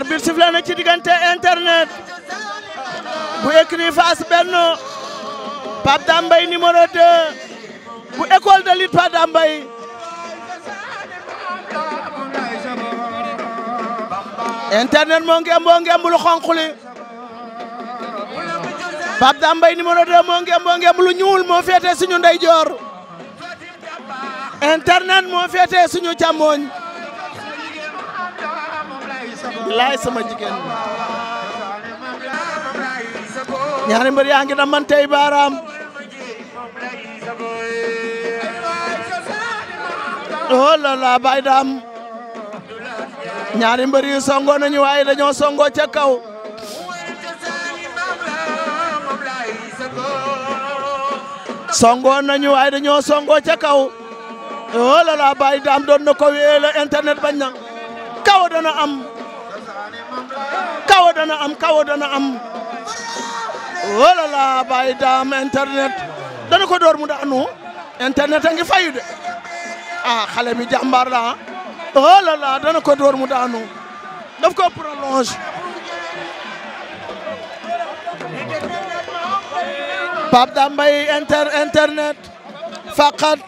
arbitre sifflé na ci diggante internet bu écrit face benn Pape Dambay numéro 2 bu école de lutte Dambay internet moo ngi moo ngi lu xonq li Pape Dambay numéro 2 moo ngi moo ñuul moo feete suñu ndeyjoor internet moo féete suñu càmmoñ bilaay sama jigéen bi ñaari mbër yaa ngi damantey baaraam oh la la bay daam ñaari mbër yu songo nañu waaye dañoo songo ca kaw songo nañu waaye dañoo songo ca kaw oh la la bay daam doon na ko internet bañ na kaw dana am kawo dana am kawo dana am wolala oh Baye Dame internet dana ko door mu daanu internet a fayu de ah xale bi jàmbaar la wolala oh dana ko door mu daanu daf ko prolonge Pape Dame Mbaye inter internet faqat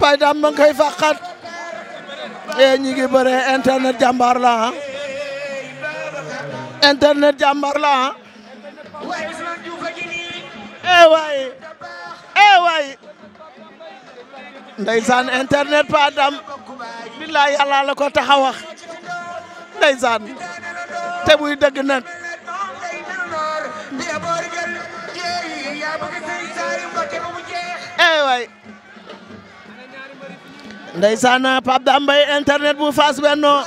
Pape Dame Mbaye koy faqat e ñi ngi internet jàmbaar la ah. internet jàmbar la ah. eh waay eh, internet pa dam billaay yàlla ko tax a wax ndeysaan te muy dëgg nag. eh waay. ndeysaan Pape Dame Mbaye internet bu Fass Benno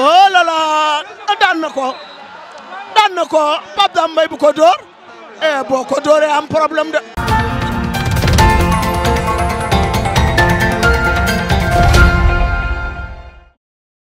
oh là na ko daan na ko Pape bu ko dóor e boo ko dóor dóoree am problème de